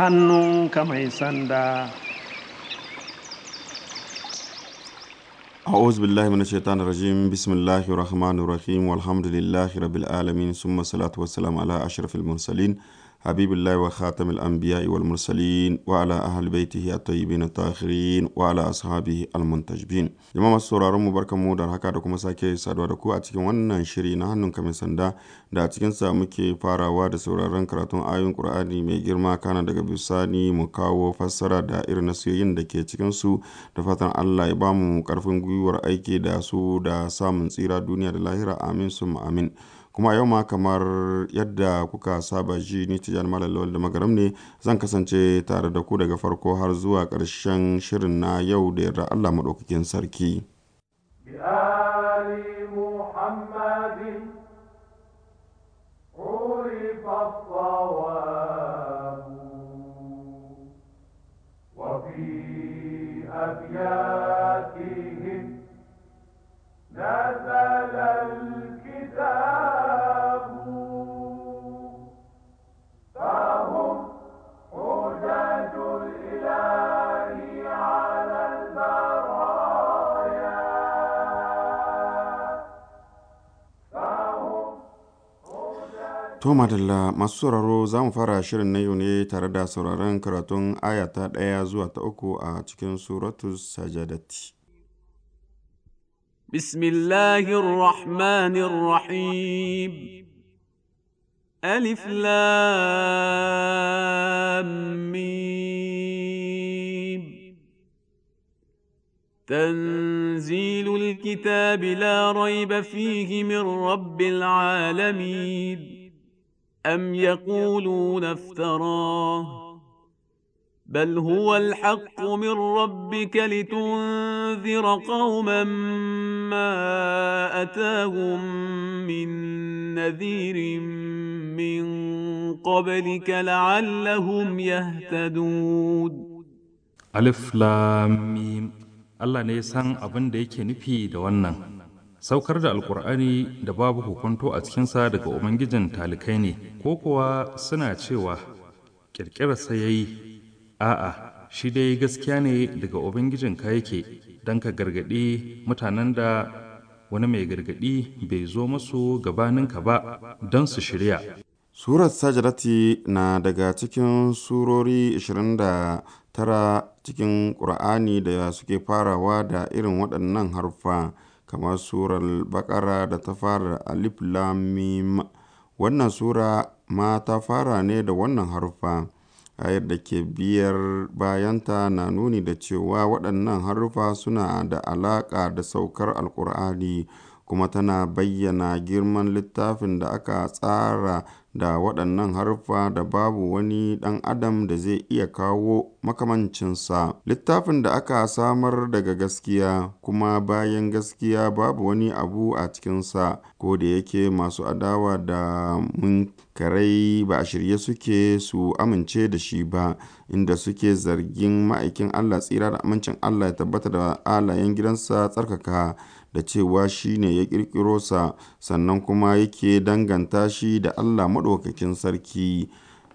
hannu ka mai sanda أعوذ بالله من الشيطان الرجيم بسم الله الرحمن الرحيم والحمد لله رب العالمين ثم الصلاة والسلام على أشرف المرسلين حبيب الله وخاتم الأنبياء والمرسلين وعلى أهل بيته الطيبين الطاهرين وعلى أصحابه المنتجبين jama'a masu sauraron mu barkanmu da haka da kuma sake saduwa da ku a cikin wannan shiri na hannun mai sanda da a cikin sa muke farawa da sauraron karatun ayoyin Qur'ani mai girma kana daga bisani mu kawo fassara da irin nasiyoyin da ke cikin su da fatan Allah ya bamu karfin gwiwar aiki da su da samun tsira duniya da lahira amin summa amin kuma yau ma kamar yadda kuka saba ji ni tijan malam da magaram ne zan kasance tare da ku daga farko har zuwa karshen shirin na yau da yarda allah maɗaukakin sarki أبياتهم نزل To madalla masu sauraro za mu fara shirin na yau ne tare da sauraron karatun aya ta ɗaya zuwa ta uku a cikin suratu sajadati. Bismillahirrahmanirrahim Alif Lam Mim تنزيل الكتاب لا ريب فيه من رب العالمين أم يقولون افتراه بل هو الحق من ربك لتنذر قوما ما أتاهم من نذير من قبلك لعلهم يهتدون ألف لام ميم الله نيسان أبن ديكي نفيد yake saukar da alkur'ani da babu hukunto a cikinsa daga ubangijin talikai ne ko kuwa suna cewa ƙirƙirarsa ya yi a'a shi dai gaskiya ne daga ubangijin ka yake don ka gargaɗi mutanen da wani mai gargaɗi bai zo masu gabaninka ba don su shirya surat sajadati na daga cikin surori 29 cikin ƙur'ani da suke farawa da irin waɗannan harfa kamar Surar bakara da ta fara da Alif lamim Wannan sura ma ta fara ne da wannan harufa Ayar da ke biyar bayanta na nuni da cewa waɗannan harufa suna da alaƙa da saukar Alƙur'ani, kuma tana bayyana girman littafin da aka tsara da waɗannan haruffa da babu wani ɗan adam da zai iya kawo makamancinsa littafin da aka samar daga gaskiya kuma bayan gaskiya babu wani abu a cikinsa ko da yake masu adawa da mun munkarai ba a shirye suke su amince da shi ba inda suke zargin ma'aikin Allah tsira da amincin Allah ya tabbata da alayen gidansa tsarkaka da cewa shi ne ya ƙirƙiro sa sannan kuma yake danganta shi da Allah Maɗaukakin Sarki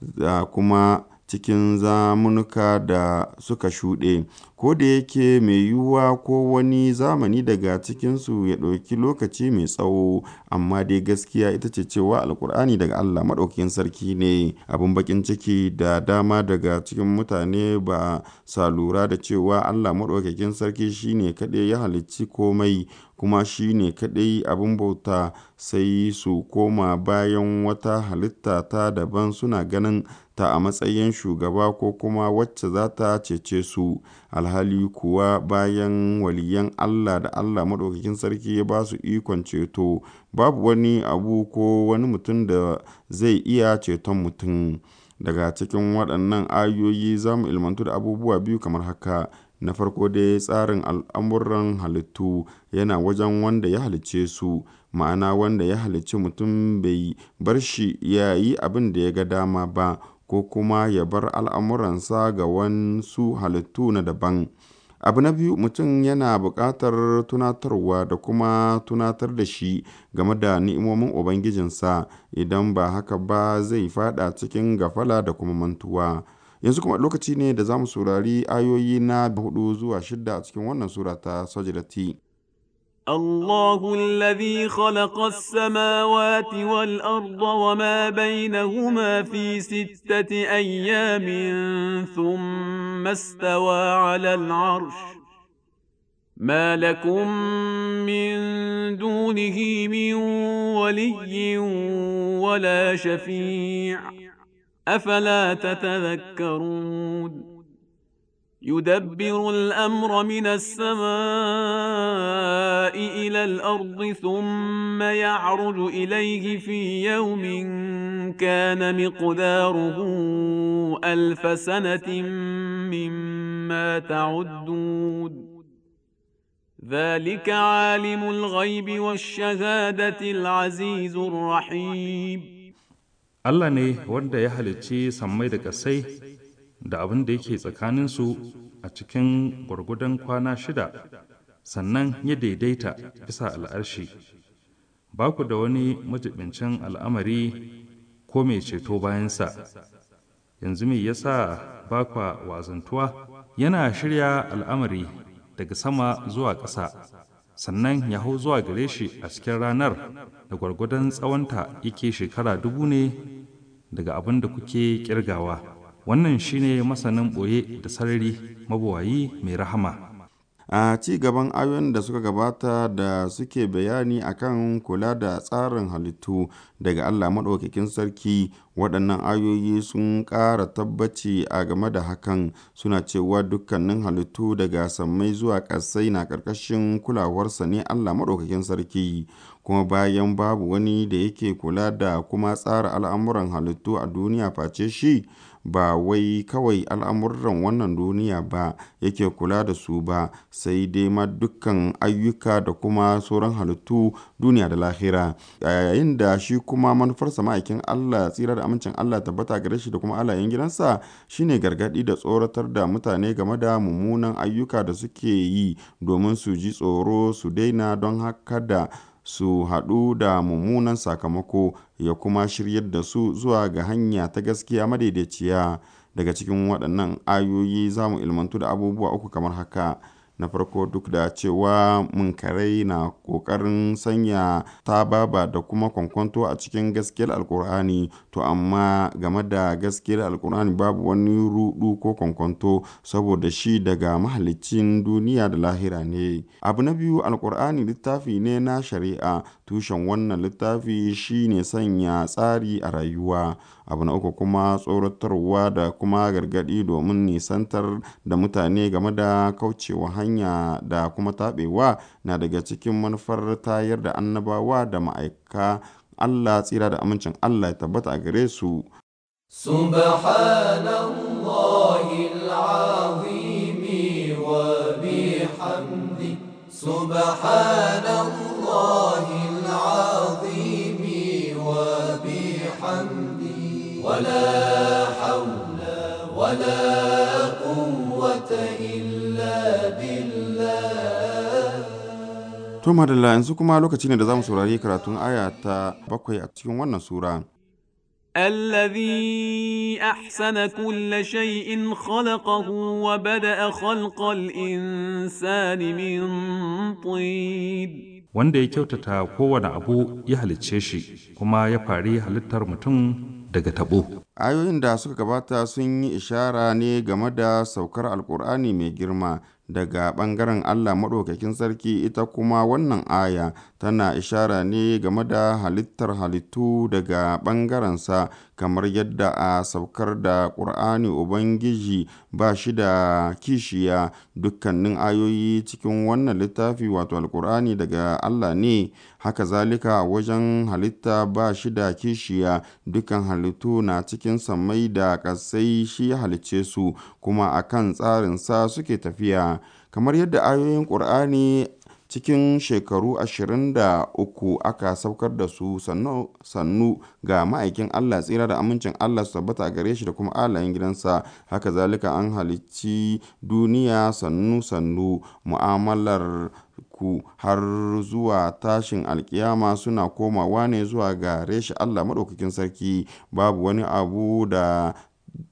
da kuma cikin zamunuka da suka shuɗe ko da yake mai yiwuwa ko wani zamani daga cikinsu ya ɗauki lokaci mai tsawo, amma dai gaskiya ita ce cewa alkur'ani daga Allah maɗaukin Sarki ne. Abin bakin ciki da dama daga cikin mutane ba sa lura da cewa Allah Maɗaukakin Sarki shine kaɗai ya halicci komai, kuma shine kaɗai abin bauta, sai su koma bayan wata halitta ta daban suna ganin ta a matsayin shugaba ko kuma wacce za ta cece su, alhali kuwa bayan waliyan Allah da Allah Maɗaukakin Sarki ya ba su ikon ceto, babu wani abu ko wani mutum da zai iya ceton mutum. Daga cikin waɗannan ayoyi za mu ilmantu da abubuwa biyu kamar haka. Na farko dai tsarin al'amuran halittu yana wajen wanda ya halicce su, ma'ana wanda ya halicci mutum bai bar shi ya yi abin da ya ga dama ba. ko kuma ya bar al'amuransa ga wansu halittu na daban. Abu na biyu, mutum yana buƙatar tunatarwa da kuma tunatar da shi game da ni'imomin Ubangijinsa, idan ba haka ba zai faɗa cikin gafala da kuma mantuwa. Yanzu kuma lokaci ne da za mu saurari ayoyi na hudu zuwa shidda a cikin wannan sura ta الله الذي خلق السماوات والارض وما بينهما في سته ايام ثم استوى على العرش ما لكم من دونه من ولي ولا شفيع افلا تتذكرون يدبر الامر من السماء الى الارض ثم يعرج اليه في يوم كان مقداره الف سنه مما تعدون ذلك عالم الغيب والشهاده العزيز الرحيم الله نه wanda ya halicci sammai da kasai da abin da yake tsakaninsu a cikin gwargwadon kwana shida sannan ya daidaita bisa al'arshi ba ku da wani majibincin al'amari ko mai ceto bayansa yanzu me yasa ba kwa wazantuwa yana shirya al'amari daga sama zuwa ƙasa sannan ya hau zuwa gare shi a cikin ranar da gwargwadon tsawonta yake shekara dubu ne daga abin da kuke ƙirgawa. wannan shine masanin ɓoye da sarari mabuwayi mai rahama a ci gaban ayoyin da suka gabata da suke bayani akan kula da tsarin halittu daga allah maɗaukakin sarki waɗannan ayoyi sun ƙara tabbaci a game da hakan suna cewa dukkanin halittu daga sammai zuwa ƙasai na ƙarƙashin kulawarsa ne allah maɗaukakin sarki kuma bayan babu wani da yake kula da kuma tsara al'amuran halittu a duniya face shi ba wai kawai al'amuran wannan duniya ba yake kula da su ba, sai dai ma dukkan ayyuka da kuma sauran halittu duniya da lahira. yayin da shi kuma manufarsa ma'aikin Allah tsira da amincin Allah tabbata gare shi da kuma alayen gidansa shine gargaɗi da tsoratar da mutane game da mummunan ayyuka da suke yi domin su ji tsoro su daina don haka da. su haɗu da mummunan sakamako ya kuma shiryar da su zuwa ga hanya ta gaskiya madaidaiciya. Daga cikin waɗannan ayoyi za mu ilmantu da abubuwa uku kamar haka. na farko duk da cewa munkarai na ƙoƙarin sanya tababa da kuma kwankwanto a cikin gaskiyar alkur'ani to amma game da gaskiyar alkur'ani babu wani rudu ko kwankwanto saboda shi daga mahalicin duniya da lahira ne abu na biyu alkur'ani littafi ne na shari'a tushen wannan littafi shine sanya tsari a rayuwa abu na uku kuma tsoratarwa da kuma gargaɗi domin nisantar da mutane game da kaucewa hanya hanya da kuma taɓewa na daga cikin manufar tayar da annabawa da ma'aika Allah tsira da amincin Allah ya tabbata a gare su. Subhanallah To madalla yanzu kuma lokaci ne da zamu saurari karatun aya ta bakwai a cikin wannan sura. ahsana أحسن shay'in khalaqahu wa bada'a khalqal insani min tin. wanda ya kyautata kowane abu ya halicce shi kuma ya fari halittar mutum daga tabo. Ayoyin da suka gabata sun yi ishara ne game da saukar Alƙur'ani mai girma daga ɓangaren Allah Maɗaukakin Sarki, ita kuma wannan aya tana ishara ne game da halittar halittu daga ɓangarensa kamar yadda a saukar da Ƙur'ani Ubangiji ba shi da kishiya, dukkanin ayoyi cikin wannan littafi wato Alƙur'ani daga Allah ne, haka zalika wajen halitta ba shi da kishiya, dukkan halittu na cikin sammai da ƙasai shi ya halicce su, kuma a kan sa suke tafiya. Kamar yadda ayoyin Ƙur'ani cikin shekaru ashirin da uku aka saukar da su sannu ga ma'aikin Allah tsira da amincin Allah su tabbata a gare shi da kuma alayen gidansa haka zalika an halicci duniya sannu-sannu mu'amalar ku har zuwa tashin alkiyama suna komawa ne zuwa gare shi Allah maɗaukakin sarki babu wani abu da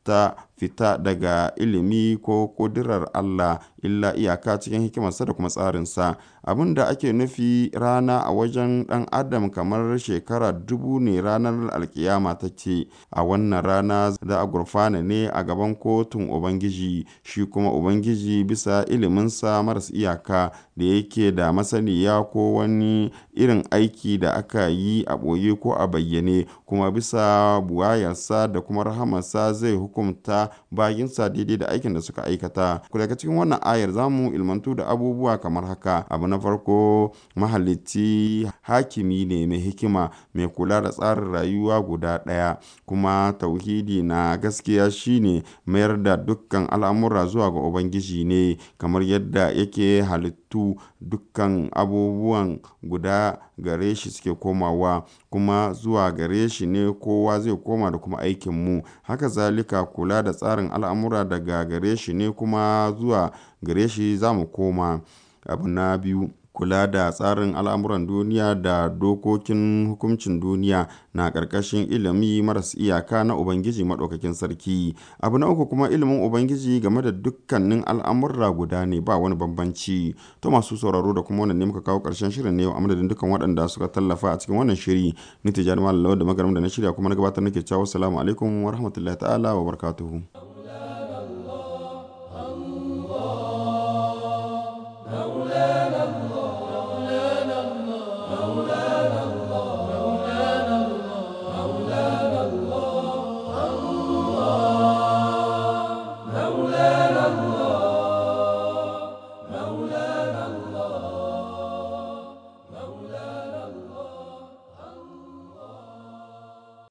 ta fita daga ilimi ko ƙudirar Allah, illa iyaka cikin hikimarsa da kuma tsarinsa. Abin da ake nufi rana a wajen ɗan adam kamar shekara dubu ne ranar alkiyama ce A wannan rana za a gurfana ne a gaban kotun Ubangiji, shi kuma Ubangiji bisa iliminsa maras iyaka da yake da masaniya ko wani irin aiki da aka yi a ɓoye ko a bayyane, kuma bisa buwayarsa da kuma rahamarsa zai hukunta hukumta bayinsa daidai da aikin da suka aikata ku daga cikin wannan ayar za mu ilmantu da abubuwa kamar haka abu na farko mahalicci hakimi ne mai hikima mai kula da tsarin rayuwa guda ɗaya kuma tauhidi na gaskiya shine mayar da dukkan al'amura zuwa ga ubangiji ne kamar yadda yake halittu dukkan abubuwan guda gare shi suke komawa kuma zuwa gare shi ne kowa zai koma da kuma aikinmu haka zalika kula da tsarin al'amura daga gare shi ne kuma zuwa gare shi za mu koma. Abu na biyu. kula da tsarin al'amuran duniya da dokokin hukuncin duniya na ƙarƙashin ilimi maras iyaka na Ubangiji Maɗaukakin Sarki. Abu na uku kuma ilimin Ubangiji game da dukkanin al'amurra guda ne ba wani bambanci. To masu sauraro da kuma wannan ne muka kawo ƙarshen shirin ne a madadin dukkan waɗanda suka tallafa a cikin wannan shiri. Ni Tijjani Malam da magarin da na shirya kuma na gabatar nake cewa assalamu alaikum wa rahmatullahi ta'ala wa barakatuhu.